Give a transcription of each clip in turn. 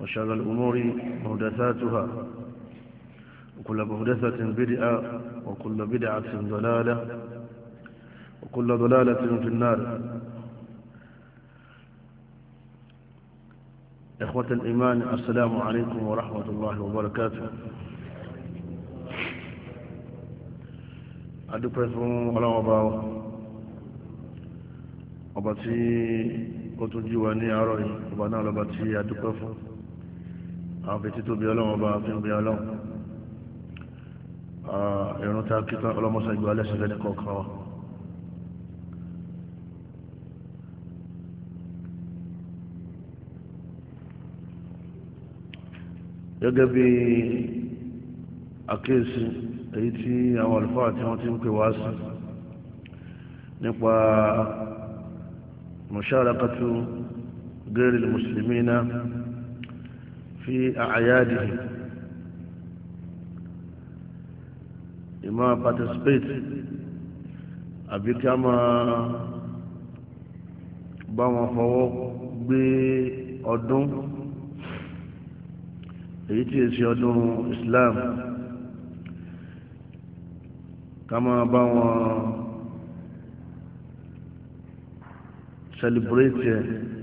وشر الأمور مهدثاتها وكل مهدثة بدعة وكل بدعة ضلالة وكل ضلالة في النار إخوة الإيمان السلام عليكم ورحمة الله وبركاته adúpẹ́ على ọlọ́wọ́ba ọba tí ó أروي jí wa ní àwọn fetí tó bí ọlọ́run ọba fi ń bí ọlọ́run ìrún tá a kí tán ọlọ́mọṣẹ́ ìgbà alẹ́ sílẹ̀ ní kọ̀ọ̀kan wa. gẹ́gẹ́ bí àkíyèsí èyí tí àwọn àlùfáà tí wọ́n ti ń pè wá sí nípa musharakatu ghairil muslimina náà fi àyádìí ìmọ̀ participate àbí kí a máa bá wọn fọwọ́ gbé ọdún èyí tí èsì ọdún Islam ká máa bá wọn celebrate ẹ̀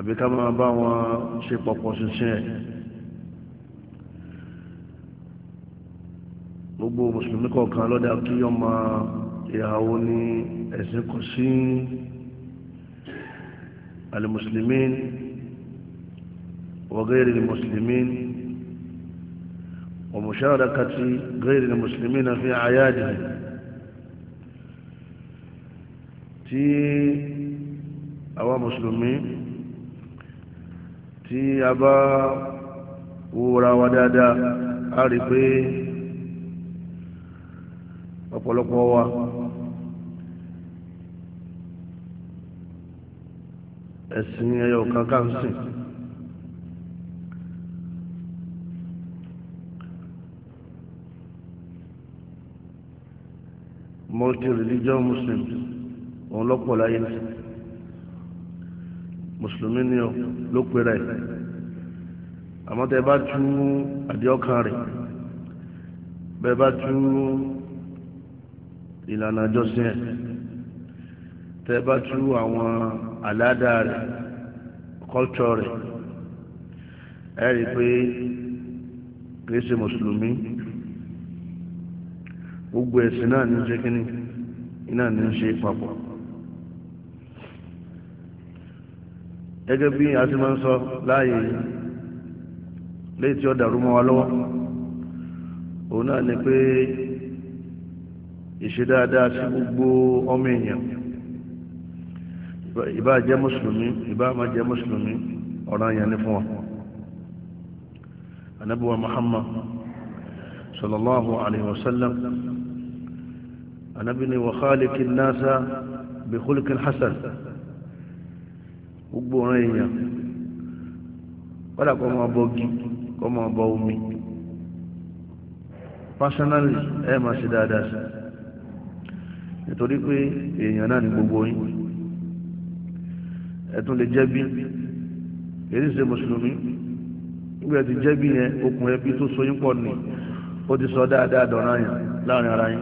àbí ká máa bá wọn ṣe pọ̀pọ̀ ṣinṣin ẹ̀ gbogbo mùsùlùmí kọ̀ọ̀kan lọ́dà kí ọmọ ìhàwó ní ẹ̀sìn kò sí alimusulmin wa gairi alimusulmin wa musharakati gairi alimusulmin fi ayadihim tí àwa mùsùlùmí tí a bá wúra wa dáadáa a rí pé ọ̀pọ̀lọpọ̀ wa ẹ̀sìn ẹyọ kankan sìn multi-religion muslim òun lọ́pọ̀ láyé nìyẹn mùsùlùmí ni ọ ló pe rẹ̀ àmọ́ tẹ́ bá tú àdéhọ́kan rẹ̀ bẹ́ẹ̀ bá tú ìlànà àjọsìn ẹ̀ tẹ́ bá tú àwọn àládà rẹ̀ kọ́ltọ̀ rẹ̀ ẹ rí i pé kìí ṣe mùsùlùmí gbogbo ẹ̀sìn náà ní ṣe kínní iná ní ṣe papọ̀. gẹ́gẹ́ bí a ti máa ń sọ láàyè léyìí tí ó dàrú mọ́ wa lọ́wọ́ òun náà ni pé ìṣe dáadáa sí gbogbo ọmọ èèyàn ìbá jẹ́ mùsùlùmí ìbá má jẹ́ mùsùlùmí ọ̀ràn yẹn ni fún wa anabiwa muhammad sallallahu alaihi wasallam anabi ni wa khaliqin nasa bi khuluqin hasan gbogbo ọ̀ràn èèyàn kọ́dà kọ́ máa bọ gi kọ́ máa bọ omi personally ẹ máa ṣe dáadáa sí nítorí pé èèyàn náà ní gbogbo yín Etu tún lè jẹ́ bí èyí ṣe mùsùlùmí nígbà tí jẹ́ bí yẹn okùn ẹbí tó so yín pọ̀ ni ó ti sọ dáadáa dọ̀ràn yẹn láàrin ara yín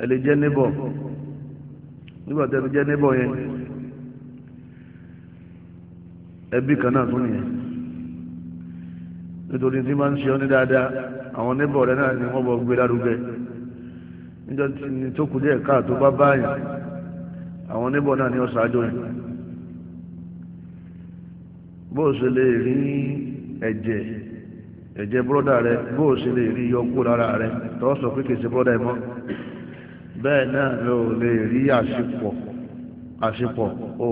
ẹ lè jẹ́ níbọ̀ nígbà tí ẹ ti jẹ́ níbọ̀ yẹn. ẹbí kan náà tún nìyẹn nítorí tí máa ń ṣe ní dáadáa àwọn níbọ̀ rẹ náà ni wọ́n bọ̀ gbé lárugẹ níjọ́ tí tó kù díẹ̀ káà tó bá báyìí àwọn níbọ̀ náà ni ó bó o lè rí ẹ̀jẹ̀ ẹ̀jẹ̀ bọ́dà rẹ bó o ṣe lè rí yọkú lára rẹ sọ pé kìí ṣe bọ́dà ẹ̀ mọ́ lè rí àṣepọ̀ àṣepọ̀ o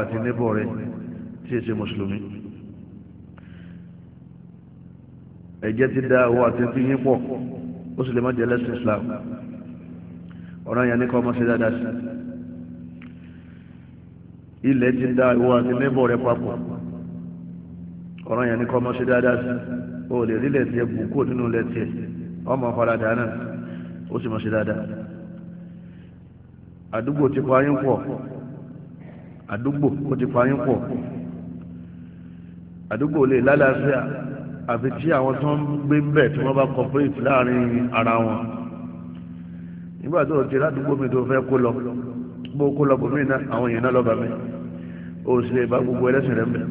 àti níbọ̀ tí èsì mùsùlùmí ẹ̀jẹ̀ ti da owó àti fi yín pọ̀ ó sì lè má jẹ́ lẹ́sìn Islam ọ̀rọ̀ yẹn ní kọ́ ọmọ sí dáadáa sí ilẹ̀ ti da owó àti níbọ̀ rẹ papọ̀ ọ̀rọ̀ yẹn ní kọ́ ọmọ sí dáadáa sí o lè rí lẹ́tì ẹ̀ bùkú nínú lẹ́tì ẹ̀ ọmọ faradà náà ó sì mọ̀ sí dáadáa àdúgbò ti pa yín pọ̀ àdúgbò ó ti pa yín pọ̀ àdúgbò lè lálàáfíà àfi tí àwọn tó ń gbé bẹ̀ tí wọ́n bá cooperate láàrin ara wọn nígbà tó ti ládùúgbò mi tó fẹ́ kó lọ bó kó lọ bòmí náà àwọn èèyàn náà lọ́ba mi ó sì lè bá gbogbo ẹlẹ́sìn rẹ̀ mẹ́.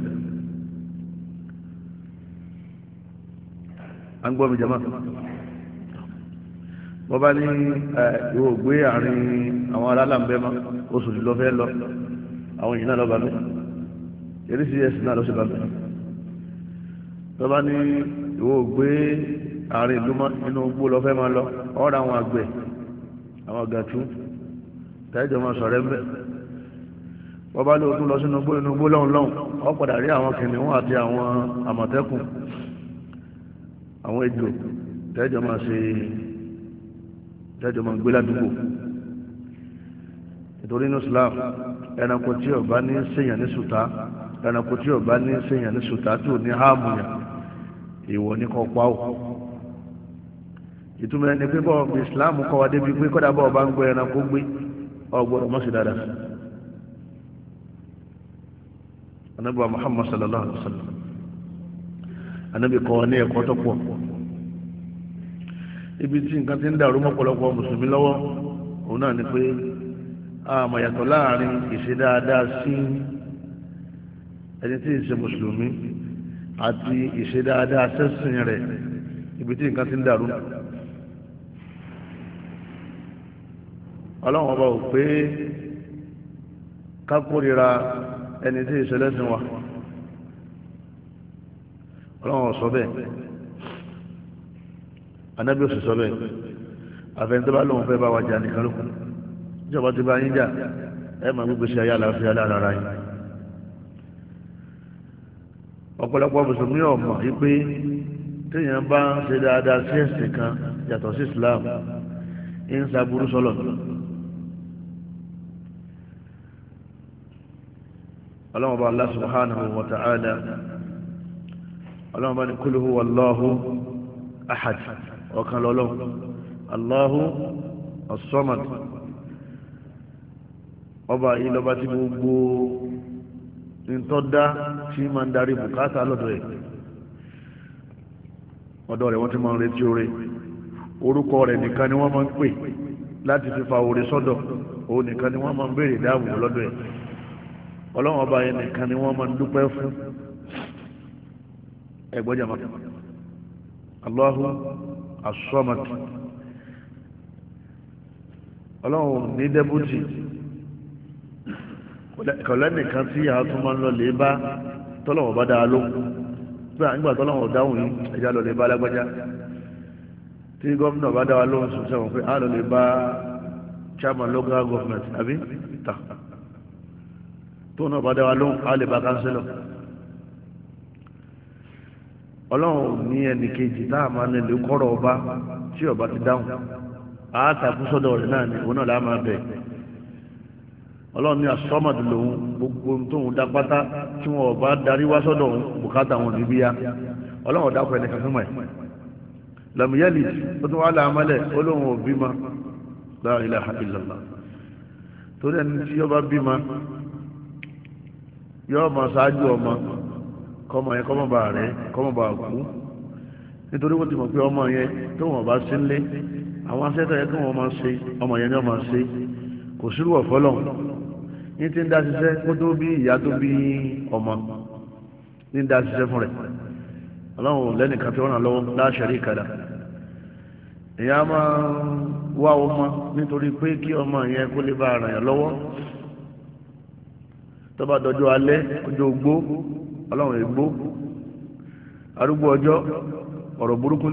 à ń gbọ́ mi jama wọ́n bá ní ìwò gbé àárín àwọn alálàmbẹ́ ma oṣù lọ́fẹ́ lọ àwọn èèyàn náà lọ́ba mi eré sí ẹ̀sìn náà lọ́sẹ̀ mi tó bá ní ìwọ gbé àárín ìlú inú gbó lọ fẹ́ máa lọ ọ̀rọ̀ àwọn àgbẹ̀ àwọn gàtú tẹ́jọ́ máa sọ̀rọ̀ ẹ̀ wọ́n bá lóòótọ́ lọ sínú gbó inú gbó lọ́hùn lọ́hùn ọ padà rí àwọn kìnìún àti àwọn àmọ̀tẹ́kùn àwọn ejò tẹ́jọ́ máa ṣe tẹ́jọ́ máa gbé ládùúgbò nítorí inú Islam ẹranko tí ọba ní sèyàn ní sùtá ẹranko tí ọba ní sèyàn ní sùtá tí ní háàmù yàn ìwọ ní kọ́ pa ó ìtumọ̀ ẹni pé bọ́ islam kọ́ wa débi pé kọ́dà bọ́ ọba ń gbé gbé anabi wa muhammad sallallahu alaihi wa sallam anabi kọ́ wa ní ẹ̀kọ́ tó pọ̀ ibi tí nǹkan ti ń dàrú mọ́pọ̀lọpọ̀ mùsùlùmí lọ́wọ́ òun náà ni pé àmọ̀ yàtọ̀ láàrin ìṣe dáadáa sí ẹni tí àti ìṣedáadáa sẹ́sìn rẹ̀ ibi tí nǹkan ti ń dàrú ọlọ́run ọba ò pé ká kórìíra ẹni tí ìṣẹlẹ́sìn wa ọlọ́run ọ̀sọ́ bẹ́ẹ̀ anábì òsì sọ bẹ́ẹ̀ àfẹnudọ́bà lòun fẹ́ bá wa jà nìkan lókun ìjọba ti bá yín jà ẹ máa gbégbé sí ayé àlàáfíà lára yín. ọ̀pọ̀lọpọ̀ mùsùlùmí ọ̀mọ̀ wípé téèyàn bá ń ṣe dáadáa sí ẹ̀sìn kan yàtọ̀ sí Islam ń ọlọ́run bá wa ọlọ́run bá ahad ọ̀kan Allahu ọba tí gbogbo ntọ́dá tí máa ń darí bùkátà lọ́dọ̀ ẹ̀ ọ̀dọ̀ rẹ̀ wọ́n ti máa ń retí oore orúkọ rẹ̀ nìkan ni wọ́n máa ń pè láti fi fa oore sọ́dọ̀ òun nìkan ni wọ́n máa ń béèrè dáàbò lọ́dọ̀ ẹ̀ ọlọ́run ọba yẹn nìkan ni wọ́n máa ń dúpẹ́ fún ẹ̀gbọ́n jàmá Allahu asọ́màtì ọlọ́run ní dẹ́bùtì kọ̀lẹ́nìkan tí a tún máa ń lọ lè bá tọ́lọ̀wọ̀ bá dáa ló gbà nígbà tọ́lọ̀wọ̀ dáhùn yìí ẹja lọ lè bá lágbájá tí gómìnà bá dáa lóhùn sùn sẹ́wọ̀n pé a lọ lè bá chairman local government àbí ta tó náà bá dáa lóhùn a lè bá kánsílọ̀ ọlọ́run ní ẹnì kejì tá a máa ń lè kọ́rọ̀ ọba tí ọba ti dáhùn a tàkú sọ́dọ̀ rẹ̀ náà ní òun náà lá máa bẹ̀ẹ́ ọlọ́run ní asọ́mọ̀dé lòun gbogbo tóun dá pátá tí wọn bá darí wá sọ́dọ̀ òun bùkátà wọn níbí ya ọlọ́run ọ̀dà pẹ̀lẹ́ kan fún ẹ̀ làmúyẹ́lì ó tún wá làmọ́lẹ̀ ó lóun ò bímọ la ilaha illallah torí ẹni tí yọba bímọ yọọ ma ṣáájú ọmọ kọmọ yẹn kọmọ bá rẹ kọmọ bá kú nítorí wọ́n ti mọ̀ pé ọmọ yẹn tó wọn bá sí àwọn asẹ́tọ̀ yẹn tó wọn máa ṣe ọmọ yẹn ni wọ́n máa ṣe kò sírú ọ̀fọ́lọ́hún ní ti ń da ṣiṣẹ́ kó tó bí ìyá tó bí ọmọ ní ń da ṣiṣẹ́ fún rẹ̀ ọlọ́run lẹ́nìkan fi ràn lọ́wọ́ láṣẹ̀rí ìkàdà èyí máa wá ọmọ nítorí pé kí ọmọ yẹn kó lè bá ara yẹn lọ́wọ́ tó dọjọ́ alẹ́ ọjọ́ ọlọ́run ègbó arúgbó ọjọ́ ọ̀rọ̀ burúkú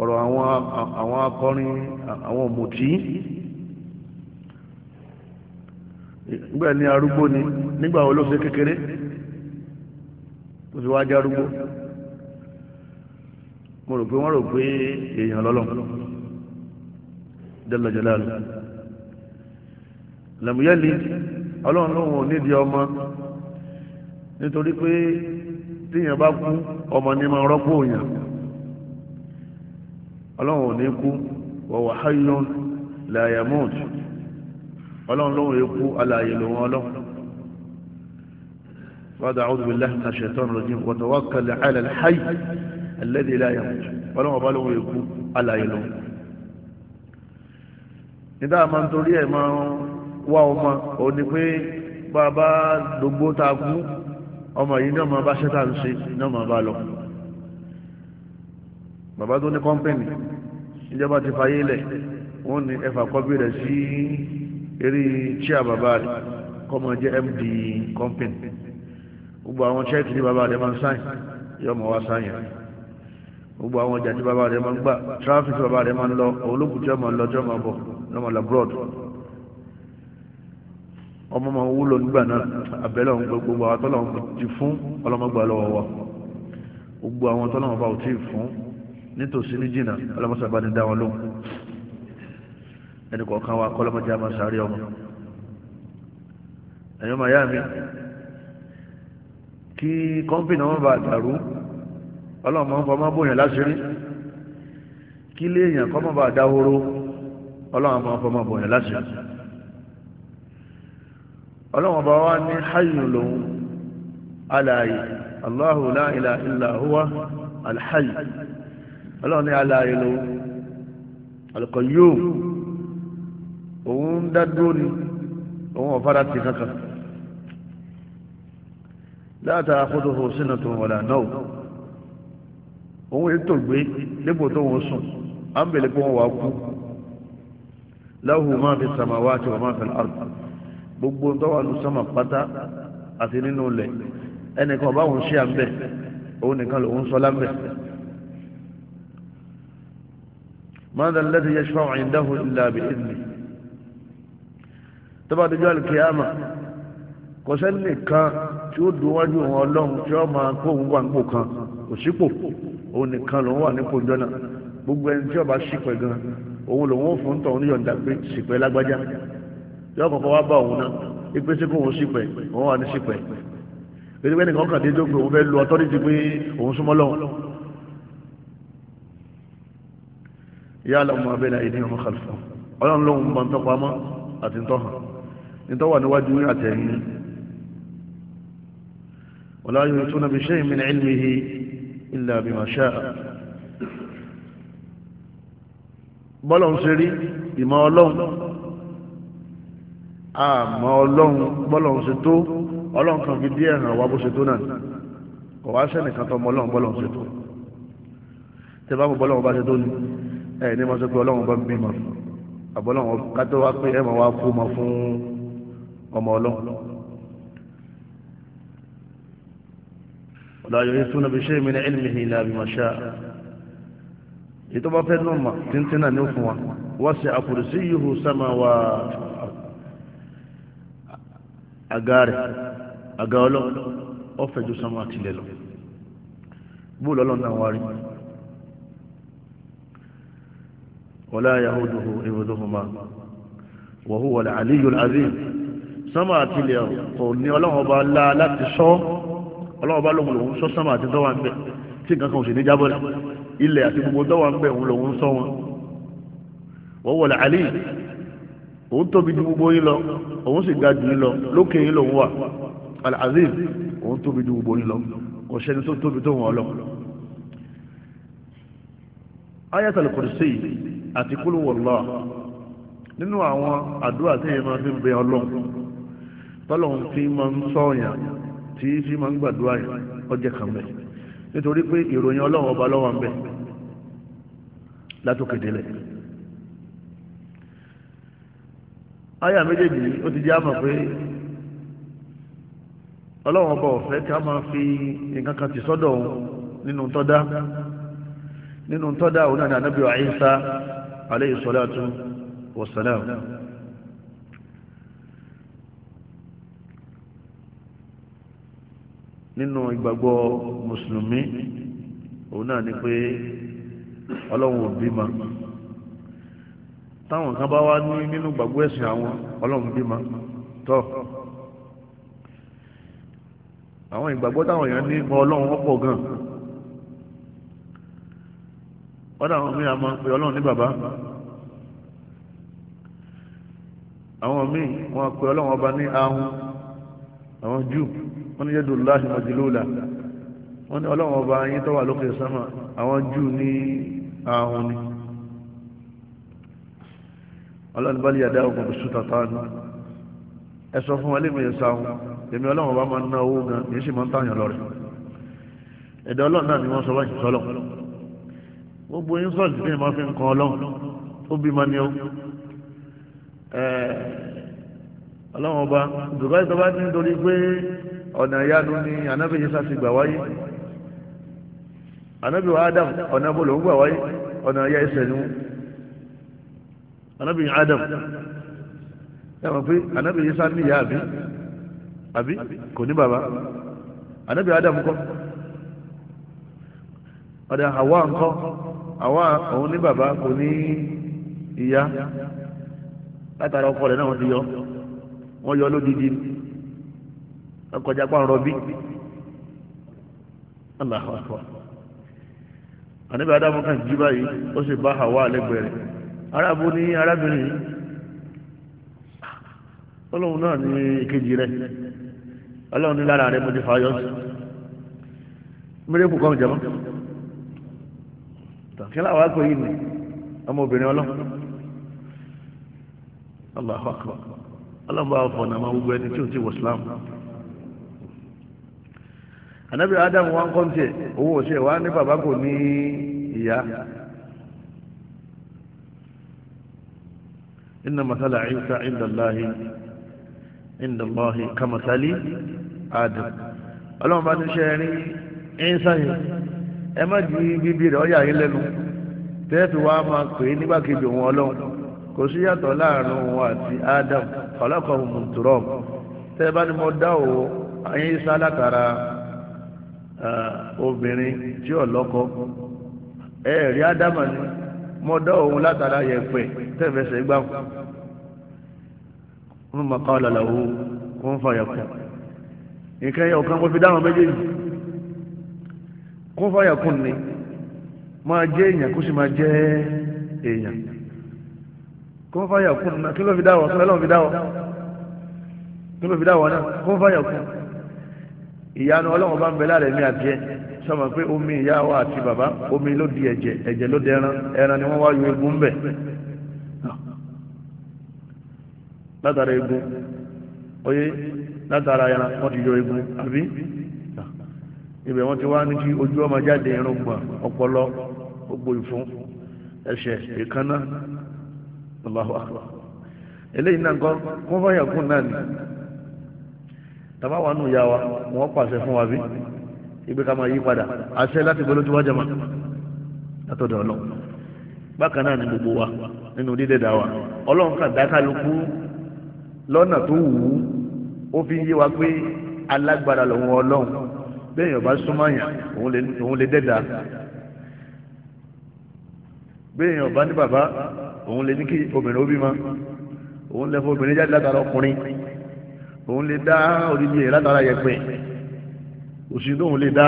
ọ̀rọ̀ àwọn akọrin àwọn òmùtí nígbà ní arúgbó ni nígbà wo ló ṣe kékeré tó fi wájú arúgbó mo rò pé wọ́n rò pé èèyàn lọ́lọ́ jalla jalalu lẹ́mùyẹ́lì ọlọ́run lóhun ò nídìí ọmọ nítorí pé tíyàn bá kú ọmọ ní máa rọ́pò òyàn ọlọ́run ò ní kú wọ̀wọ̀ hayyun la yamut ọlọ́run lóhun ikú alààyè lòun ọlọ́run wàdà a'udhu billahi minash shaitanir rajim wa tawakkal 'ala al-hayy alladhi la yamut ọlọ́run ọba lóhun ikú alààyè lòun nígbà máa ń torí ẹ̀ máa ń wá ọmọ òun ni pé bàbá dògbó ta kú ọmọ yìí ní ọmọ bá ṣẹ́ta ń ṣe ní ọmọ bá lọ bàbá tó ní kọ́ńpẹ́nì ìjọba ti fàyè lẹ̀ wọ́n ní ẹ̀fà kọ́bí rẹ̀ sí eré chair bàbá rẹ̀ kọ́mọ jẹ́ md kọ́ńpẹ́nì gbogbo àwọn chẹ́ẹ̀kì ní bàbá rẹ̀ máa ń sáyìn yọmọ wa sáyìn gbogbo àwọn ọjà tí bàbá rẹ̀ máa ń gbà tráfíkì bàbá rẹ̀ máa ń lọ olókùn tí ọmọ lọ tí ọmọ bọ̀ lọmọ labrod ọmọ máa wúlò nígbà náà abẹ́lẹ̀ ọ̀hún gbogbo àwọn tọ́lọ̀ ti fún ọlọ́mọgbà lọ́wọ́ wa gbogbo àwọn tọ́lọ̀ bá ò tí ì fún nítòsí ní jìnnà ọlọ́mọsá bá ní dá wọn lóhùn ẹnì kọ̀ọ̀kan wa kọ́lọ́mọdé a máa sáré ọmọ ẹ̀yọ́ màá yá mi kí kọ́ńpìnì wọn bá dàrú ọlọ́mọ ń fọmọ́ bóyàn láṣìírí kí léèyàn kọ́mọ́ bá dáhóró ọlọ́mọ ń fọmọ́ bóyàn láṣìírí ọlọ́mọ bá wá ní hayyu lòun aláàyè Allahu la ilaha illa huwa alhayy ọlọ́run ní aláàyè ló ọ̀lùkọ̀ yóò òun ń dá dúró ni òun ọ̀fára ti kankan láta àkótófò sínú tó wọ̀là náà òun ètò gbé dépò tó wọn sùn á ń bèlè pé wọn wà kú láhùn máa fi sàmáwá àti wọn máa fi àrùn gbogbo tó wà lù sàmà pátá àti nínú ilẹ̀ ẹnìkan ọba òun ṣe à ń bẹ̀ òun nìkan lòun sọ lábẹ́. ماذا الذي يشفع عنده إلا بإذنه tọ́bá tó jọ́ alìkìyàmà kò sẹ́ni kan tí ó dùn wájú wọn ọlọ́run tí ó máa kó òun wà nípò kan kò sípò òun nìkan lòun wà nípò jọ́nà gbogbo ẹni tí ó bá ṣìpẹ̀ gan òun lòun ó fún tọ̀hún níyọ̀ǹda pé ṣìpẹ̀ lágbájá yọ kọ̀ọ̀kan wá bá òun náà ipe sí kó òun ṣìpẹ̀ òun wà ní ṣìpẹ̀ pé ẹnìkan kàn dé dógbò òun fẹ́ lu ọtọ́rìtì pé òun súnmọ́ lọ́wọ́ ya'lamu ma bayna aydihim wa khalfahum ọlọ́run lóhun bá ń tọ́ pamọ́ àti ń tọ́ hàn ń tọ́ wà níwájú àtẹ̀yìn wala yuhituna bi shay'in min ilmihi illa bima sha'a bọ́lọ̀n ṣe rí ìmọ̀ ọlọ́run àmọ́ ọlọ́run bọ́lọ̀n ṣe tó ọlọ́run kan fi díẹ̀ hàn wá bó ṣe tó náà kò wá sẹ́nìkan tọmọ ọlọ́run bọ́lọ̀n ṣe tó tẹ ẹ̀ ní ma pé ọlọ́run bá ń bímọ àbọ̀lọ́run kátó wá pé wá ma fún ọmọ ọlọ́run. ọ̀la yóò tún nàbí ṣé mi ní ẹ̀mí ìlà àbímọ̀ṣá ìtọ́ba fẹ́ nọ́ọ̀mà tíntín náà ní fún wa wọ́n ṣe sámà àga rẹ̀ àga ọlọ́run ọ̀fẹ́ ju sámà tilẹ̀ lọ bóòlù ọlọ́run náà wá rí i. ولا يهوده إبدهما وهو العلي العظيم sánmà àti ilẹ̀ kò ní ọlọ́run ọba ńlá láti ṣọ́ ọlọ́run ọba lòun lòun ṣọ́ sánmà àti dọ́wà ń bẹ̀ tí nǹkan kan ò sì ní jábọ̀ ilẹ̀ àti gbogbo dọ́wà ń bẹ̀ òun lòun ṣọ́ wọn. wọ́n wọ̀lẹ̀ àlì òun tóbi ju gbogbo yín lọ òun sì ga jù yín lọ lókè yín lòun wà al-azim òun tóbi ju gbogbo yín lọ kò sẹ́ni tó tóbi tó wọn lọ. ayatul kursi yìí àti kúlù wọ̀lá nínú àwọn àdúrà tí èèyàn máa fi ń bẹ ọlọ́run tọ́lọ́run fi máa ń sọ̀yàn tí fi máa ń gbàdúrà yàn ọjẹ́ kan bẹ́ẹ̀ nítorí pé ìròyìn ọlọ́run ọba lọ́wọ́ ń bẹ látòkè délẹ̀ àyà ó ti jẹ́ àmọ̀ pé ọlọ́run ọba ọ̀fẹ́ ká máa fi nǹkan kan ti sọ́dọ̀ òun nínú tọ́dá nínú tọ́dá òun náà ní anábìọ́ àyíṣá عليه الصلاة والسلام ninu ìgbàgbọ́ mùsùlùmí òun náà ni pé ọlọ́run ò bímọ táwọn kan bá wá ní nínú ẹ̀sìn àwọn ọlọ́run bímọ tọ́ àwọn ìgbàgbọ́ táwọn èèyàn ní mọ ọlọ́run ọ̀pọ̀ gan ọ̀dọ̀ àwọn míì àmọ́ pé ọlọ́run ní bàbá àwọn míì wọn pe ọlọ́run ọba ní ahun àwọn jù wọn ní yẹ́dùn láti mọ̀jìlóòlà wọn ní ọlọ́run ọba yín tó wà lókè sánmà àwọn jù ní ahun ni ọlọ́run bá lè yàdá ogun tó sùn tàtà ẹ sọ fún wọn lè mìíràn sáhun èmi ọlọ́run ọba máa ń ná owó gan èyí sì máa ń tààyàn lọ rẹ̀ ẹ̀dá ọlọ́run náà ni wọ́n sọ báyìí sọ́lọ́run gbogbo insult ní ìmọ̀ fi ń kọ́ ọlọ́run ó bímọ ni ó ọlọ́run ọba dùkọ́ ìtọ́ba ti ń torí pé ọ̀nà ìyanu ni anábì yìí sáà ti gbà wáyé anábì wa Adam ọ̀nà ibo ló ń gbà wáyé ọ̀nà ìyá ẹsẹ̀ ni wọ́n anábì Adam ẹ mọ̀ pé anábì yìí sáà ní ìyá àbí àbí kò ní bàbá anábì Adam kọ́ ọ̀dà Hawa ńkọ́ àwa òun ní bàbá kò ní ìyá látara ọkọ rẹ̀ náà wọ́n ti yọ wọ́n yọ lódìdí ọkọjà pa ọ̀rọ̀ bí Allahu akbar àníbẹ̀ adamu kan jí báyìí ó sì bá Hawa lẹ́gbẹ̀ẹ́ arábó ní arábìnrin yìí ọlọ́run náà ní ìkejì rẹ̀ ọlọ́run ní lára rẹ̀ mo ti fà yọ sí mírèkù kan jẹ́ mọ́ tán kí láwọn àgbẹ̀ yìí ni ọmọbìnrin ọlọ́run Allahu akbar ọlọ́run bá fọ̀ náà máa gbogbo ẹni tí ò ti wọ Islam anabi Adam wa ń kọ́ tiẹ̀ owó ṣe wa ní bàbá kò ní ìyá inna masala Isa inda Allahi inda Allahi kamasali Adam ọlọ́run bá ti ṣe rí Isa yìí. ẹ má di bíbí rẹ̀ ọ̀yà yín lẹ́nu tẹ́ẹ̀fì wa máa pè é nígbàkejì òun ọlọ́run kò sí yàtọ̀ láàrin òun àti Adam ọlọ́kọ̀ mùtúrọ̀m tẹ́ẹ̀ bá ní mo dá o ayé sá látara obìnrin tí ọlọ́kọ ẹ̀ẹ̀rí Ádámà ni mo dá òun látara yẹ̀pẹ̀ tẹ́ẹ̀fẹsẹ̀ gbà fún un mọ̀ká kún fáyà kún ni máa jẹ́ èèyàn kó sì máa jẹ́ èèyàn kún fáyà na náà kí ló fi dá wọ kí ló fi dá wọ kí ló fi dá wọ náà kún fáyà ìyanu ọlọ́run bá ń bẹ láàrẹ̀ mi àti ẹ sọmọ pé omi ìyá àti bàbá omi ló di ẹ̀jẹ̀ ẹ̀jẹ̀ ló dẹran ẹran ni wọ́n wá yọ egun bẹ̀ látara egun oyé látara ẹran wọ́n ti yọ egun àbí ibẹ̀ wọ́n ti wá ní kí ojú ọmọ jáde irun gbọ̀n ọpọlọ gbogbo ìfún ẹsẹ̀ èékánná Allahu akbar eléyìí náà kọ́ wọ́n fẹ́ yàn kún náà ni tàbá wà nù ya wa wọ́n pàṣẹ fún wa bí ibi ká máa yí padà àṣẹ láti gbọ́dọ̀ tó wá jẹ́ ma látọ̀dọ̀ ọlọ́run bákan náà ni gbogbo wa nínú dídẹ̀ dà wa ọlọ́run kà dá kálukú lọ́nà tó wù ú ó fi yé wa pé alágbára lòun ọlọ́run bẹ́ẹ̀ yọ̀bá súnmọ́ yàn òun lè dẹ́dà bẹ́ẹ̀ yọ̀bá ní bàbá òun lè ní kí obìnrin ó bímọ òun lè fọ obìnrin jáde látara ọkùnrin òun lè dá odidi yẹn látara yẹpẹ òsì tóun lè dá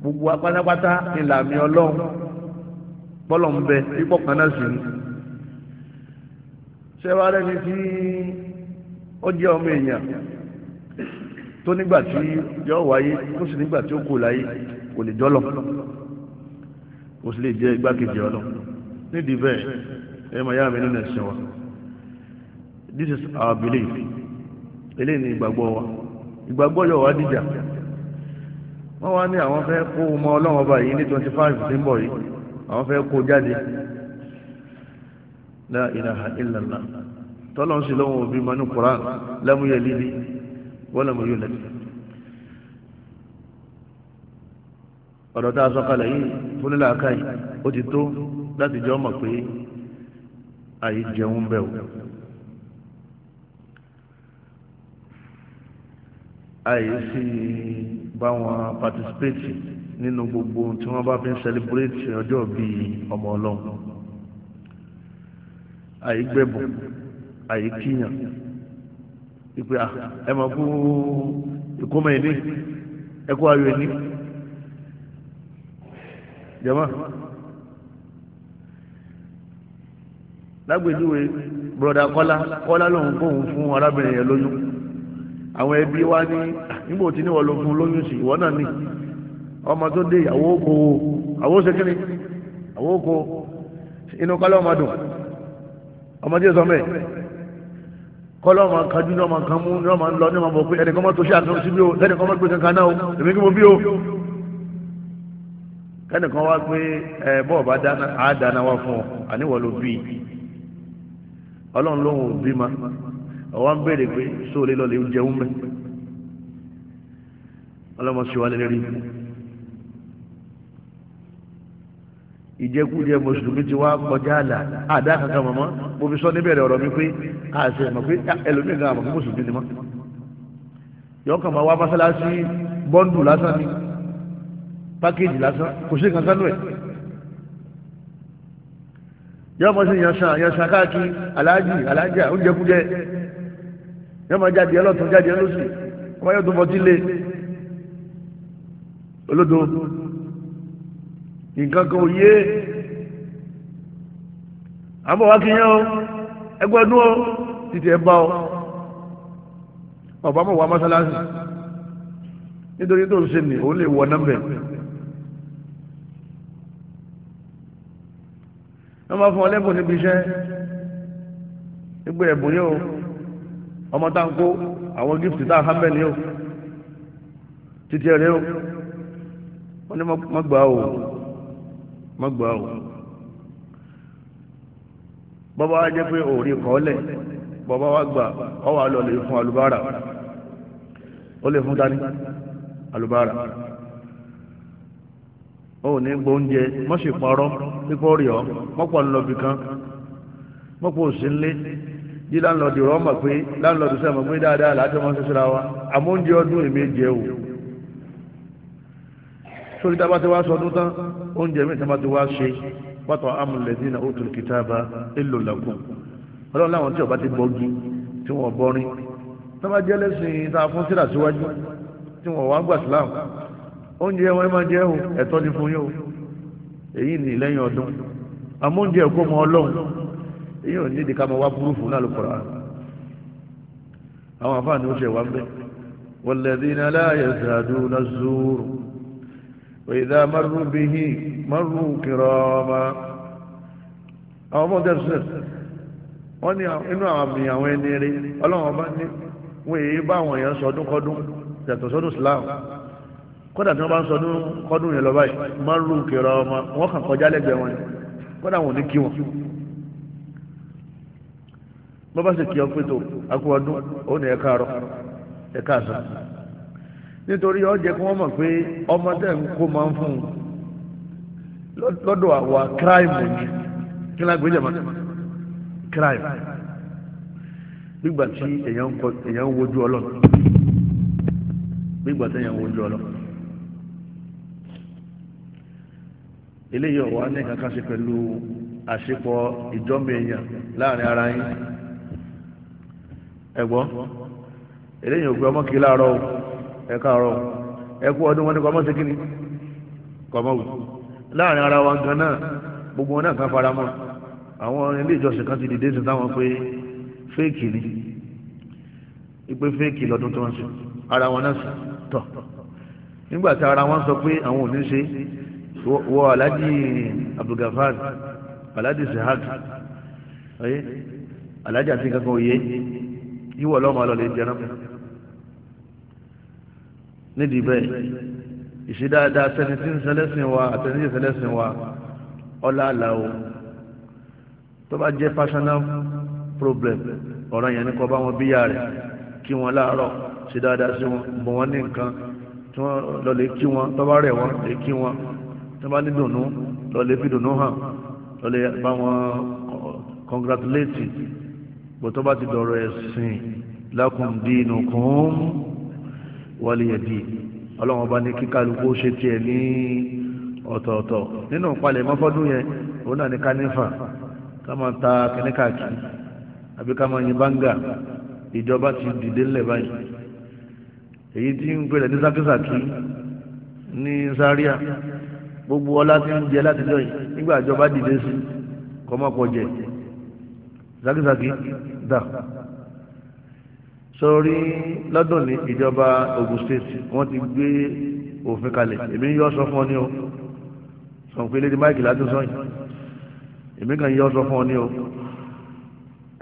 gbogbo apátápátá ìlàmì ọlọ́run bọ́lọ̀ ń bẹ ipò kan náà sì ń ṣẹ́wárẹ́ ni tí ó jẹ́ ọmọ èèyàn tó nígbà tí yọ wáyé ó sì nígbà tí ó kò láyé kò lè jọlọ ó sì lè jẹ igbákejì ọlọ nídìí bẹ́ẹ̀ ẹ máa yá mi nínú ẹsẹ wa this is our belief eléyìí ni ìgbàgbọ́ wa ìgbàgbọ́ yọ wá dìjà wọ́n wá ní àwọn fẹ́ kó ọmọ ọlọ́run ọba yìí ní twenty five tí ń bọ̀ yìí àwọn fẹ́ kó jáde la ilaha illallah tọ́lọ́n sì lọ́wọ́ òbí manú Quran lẹ́múyẹ́ líbi wọ́lọ̀ mọ̀ yóò lẹ̀ ọ̀rọ̀ tá a sọ kalẹ̀ yìí fúnilá akáì ó ti tó láti jẹ́ ọmọ pé àyè jẹun bẹ́ẹ̀ o àyè sì bá wọn patisipéètì nínú gbogbo tí wọ́n bá fi ń sẹlẹbúrétì ọjọ́ bíi ọmọ ọlọ́run àyè gbẹ̀bùn àyè kíyàn. ìpè à ah, kú ìkómọ̀ broda kọ́lá kọ́lá lòun kóhun fún arábìnrin yẹn lóyún àwọn ẹbí wa ní ah, nígbò tí níwọ̀ ló fún lóyún sí ìwọ náà ní ọmọ tó dé ìyàwó oko sekiri àwọ oko inú kọ́lá kọ́lọ́ ma kájú ní ọmọ kan mú ní ọmọ lọ ní ọmọ bọ̀ pé ẹnìkan mọ́ tó ṣe àtúnṣe bí o ẹnìkan mọ́ gbé kankan náà o èmi kí mo bí o. kẹ́nìkan wá pé ẹ bọ́ọ̀ bá dáná á dáná wá fún ọ àníwọ̀ ló bí i ọlọ́run lóhùn ò bí ma ọwọ́ ń béèrè pé sóòlé lọ́ọ́ lè jẹun mẹ́ ọlọ́mọ sì wá lé ìjẹkújẹ mùsùlùmí ti wá kọjá àlà àdá kankan mọ̀mọ́ mo fi sọ níbẹ̀rẹ̀ ọ̀rọ̀ mi pé àṣẹ mọ̀ pé ẹlòmíì gan àmọ̀ fún mùsùlùmí ni mọ́ yọkàn máa wá mọ́sálásí bọ́ńdù lásán ni pákéjì lásán kò sí nǹkan sánú ẹ̀ yọọ mọ sí yansan yansan káàkiri aláàjì aláàjà oúnjẹkújẹ yọọ mọ jáde ọlọ́tún jáde ọlọ́sì ọmọ yóò tún bọ́ tí lé olódo nǹkan kan ò yé àbọ̀ wá kíyàn o ẹgbẹ́ ọdún o títí ẹ bá o ọba mọ̀ wá mọ́sálásì nítorí tó ń ṣe nì òun lè wọ nọ́mbẹ̀. wọ́n máa fún ọ lẹ́bùn níbi iṣẹ́ gbogbo ẹ̀bùn yóò ọmọ tá n kó àwọn gíftì tá a hàn bẹ́ẹ̀ ni yóò títí ẹ̀rẹ́ o wọ́n ní mọ́ gbà o. mọ́gbà o bọ́bá wa jẹ́ pé òòrí kọ́lẹ̀ bọ́bá wa gbà ọ wà lọ lè fún alubára ó lè fún tani alubára ó ní gbóúnjẹ mọ́sì parọ́ pípọ́ rí ọ mọ́pọ̀ ńlọbì kan mọ́pọ̀ òsì yí rọ́ọ̀mà pé pé dáadáa láti wa àmóúnjẹ sórí tá a bá ti wá sọdún tán oúnjẹ mi tí a bá ti wá ṣe pátọ amúlẹ̀dí náà ó tó kìtà bá èlò lẹ́kùn ọlọ́run láwọn tí ọba ti bọ́gi tí wọ́n bọ́rin tó bá jẹ́ lẹ́sìn tá a fún síra síwájú tí wọ́n wá gbà sílám oúnjẹ wọn máa jẹ́ o ẹ̀tọ́ ni fún yín èyí ni lẹ́yìn ọdún àmọ́ oúnjẹ ẹ̀kọ́ mọ ọlọ́run èyí ò ní ìdíkà máa wá búrúfù náà ló kọ̀ra àwọn àfáàní ó ṣe wá ń bẹ́ wọ́n lẹ́dí náà وإذا مروا به مروا كراما أو مدرسة wọ́n ní inú àmì àwọn ẹni rí ní wọ́n èyí bá àwọn èèyàn sọdún kọdún yàtọ̀ sọdún Islam kódà tí wọ́n bá ń sọdún kọdún yẹn lọ báyìí máa ń rú wọn nítorí ọjẹ́ kí wọ́n mọ̀ pé ọmọ ń kó máa ń fún un lọ́dọ̀ àwa kíráìmù ni kí lágbé jẹ̀ máa kíráìmù nígbà tí èèyàn ń wojú ọlọ́run nígbà tí èèyàn ń wojú ọlọ́run eléyìí ọ̀wá ní kankan ṣe èèyàn láàrin ara yín ẹ̀gbọ́n eléyìí ògbé ọmọ kìí láàárọ̀ o. ẹ ọrụ ọdún wọn ni kọ́mọ́ sí kọ́mọ́ wù láàrin ara wa gan náà gbogbo wọn náà kan fara mọ́ àwọn ilé ìjọsìn kan ti dìde sí táwọn pé fẹ́ẹ̀kì ni ìpè fẹ́ẹ̀kì lọ́dún ara wọn náà sì tọ̀ nígbà tí ara wọn sọ pé àwọn ò ní ṣe wọ aláàjì abdulgafar aláàjì sehak aláàjì àti kankan òye lọ́mọ alọ́lẹ̀ jẹrán nídìí bẹ́ẹ̀ ìṣe dáadáa sẹ́ni tí ń sẹlẹ́sìn wa àtẹni tí ń sẹlẹ́sìn wa ọlá àlà o tó bá jẹ́ personal problem ọ̀rọ̀ yẹn ni kó bá wọn bíyà rẹ̀ kí wọn láàárọ̀ ṣe dáadáa sí wọn bọ̀ wọn ní nǹkan tí wọn lọ lè kí wọn tó bá rẹ̀ wọn lè kí wọn tó bá ní dùnú lọ lè fi dùnú hàn lọ bá wọn congratulate bó tó bá ti dọ̀rọ̀ ẹ̀sìn lakum dinukum wálé yẹ̀dì ọlọ́run ọba ní kíkálukú ṣe tiẹ̀ ní ọ̀tọ̀ọ̀tọ̀ nínú ìpalẹ̀ mọ́fọ́dún yẹn òun náà ní kánífà ká máa ta kẹ́níkàkì àbí ká máa yin báńgà ìjọba ti dìde ńlẹ̀ báyìí èyí tí ń pèlè ní sákísàkí ní sáríà gbogbo ọlá tí ń jẹ láti lọ nígbà ìjọba dìde sí kọ́mọ́pọ̀ jẹ sákísàkí dà sórí lọ́dún ní ìjọba Ògùn state wọ́n ti gbé òfin kalẹ̀ èmi ń yọ sọ fún ọ ní o sọ̀n pé lédi máìkì látún sọ́yìn èmi kàn ń yọ sọ fún ọ ní o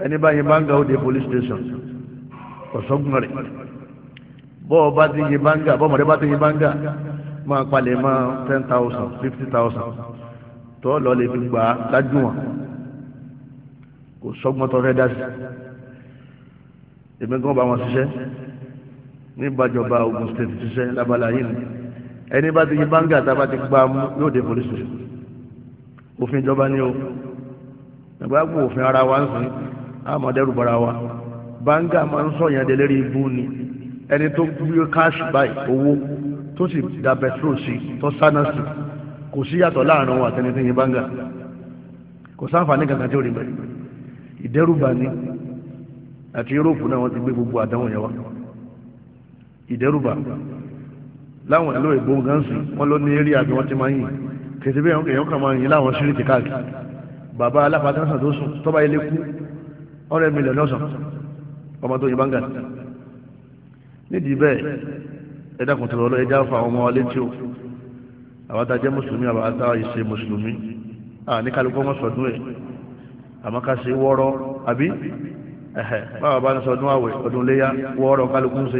ẹni báyìí báńgà ó de police station ọ̀sọ́gun rẹ̀ bọ́ọ̀ bá ti yin báńgà bọ́ọ̀ mọ̀dé bá ti yin báńgà máa palẹ̀ máa ten thousand fifty thousand tọ́ lọ́ọ́ lè fi gbà á lájú wọn kò sọ́gbọ́n tó fẹ́ dá sí i èmi gan bá wọn ṣiṣẹ́ nígbàjọba Ogun State ṣiṣẹ́ lábala yìí ni ẹni bá ti yí báńgà tábà ti gbá mú yóò dé police station òfin ìjọba ni o ìgbàgbọ́ òfin ara wa ń sìn àmọ̀dẹ́rù bara wa báńgà máa ń sọ̀yàn dé lérí ibú ni ẹni tó gbé káàṣì báyìí owó tó sì da bẹtrol sí tó sáná sí kò sí yàtọ̀ láàrin wọn àtẹnitẹ́yìn báńgà kò sáǹfààní kankan tí ò rí bẹ́ẹ̀ ìdẹ́rùbà ni àti yúróòpù náà wọ́n ti gbé gbogbo àdánwò yẹn wá ìdẹ́rùbà láwọn ìlú ìbò gánsì wọ́n ló ní eré àbí wọ́n ti máa ń yìn kèsì bẹ́ẹ̀ wọ́n kèèyàn kàn máa yìn láwọn síríìtì káàkiri bàbá alápatánṣà tó sùn tọ́ba ilé kú ọ̀rẹ́ mílíọ̀nù lọ́sàn ọmọ tó yin bá ń gà nídìí bẹ́ẹ̀ ẹ dákun tó lọ́ọ́ ẹja fa ọmọ wa létí o àwọn àtàjẹ́ mùsùlùmí àwọn àtàwọn ìṣe mùsùlùmí à ní sọdún ẹ̀ àmọ́ ká wọ́rọ́ àbí báwa bá ní sọdún àwẹ̀ ọdún léyà wọ́ọ̀rọ̀ kálukú ń ṣe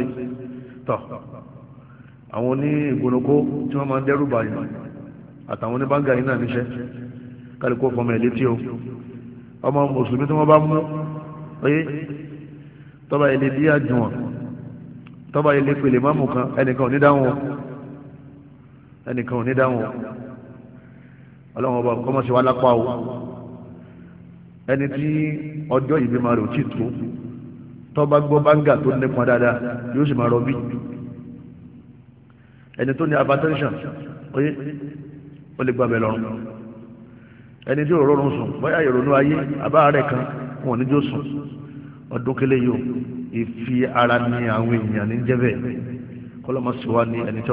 tọ̀ àwọn oní ìgbónokó tí wọ́n máa ń dẹ́rù bàyà àtàwọn oní báńgà yìí náà níṣẹ́ kálukú fọmọ ẹ̀ létí o ọmọ mùsùlùmí tí wọ́n bá mú oyé tọ́ba ilé bí àjùwọ̀n tọ́ba ilé pèlè máàmù kan ẹnìkan ò ní dáhùn ẹnìkan ò ní dáhùn ọlọ́run ọba kọ́mọ́sí wa lápá o. ẹni tí ọjọ́ ìbímọ rẹ̀ ò tí tó tó bá gbọ́ báńgà tó nípọn dáadáa yóò sì máa rọbí ẹni tó ní hypertension oyé ó lè lọ́rùn ẹni tí ayé kan wọn ò sùn ọdún yìí ó ìfi ara ní àwọn èèyàn ní jẹ́bẹ̀ kọ́lọ́mọ́sí wa ní ẹni tí